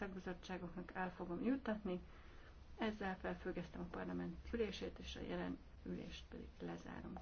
szakbizottságoknak el fogom juttatni. Ezzel felfüggesztem a parlament ülését, és a jelen ülést pedig lezárom.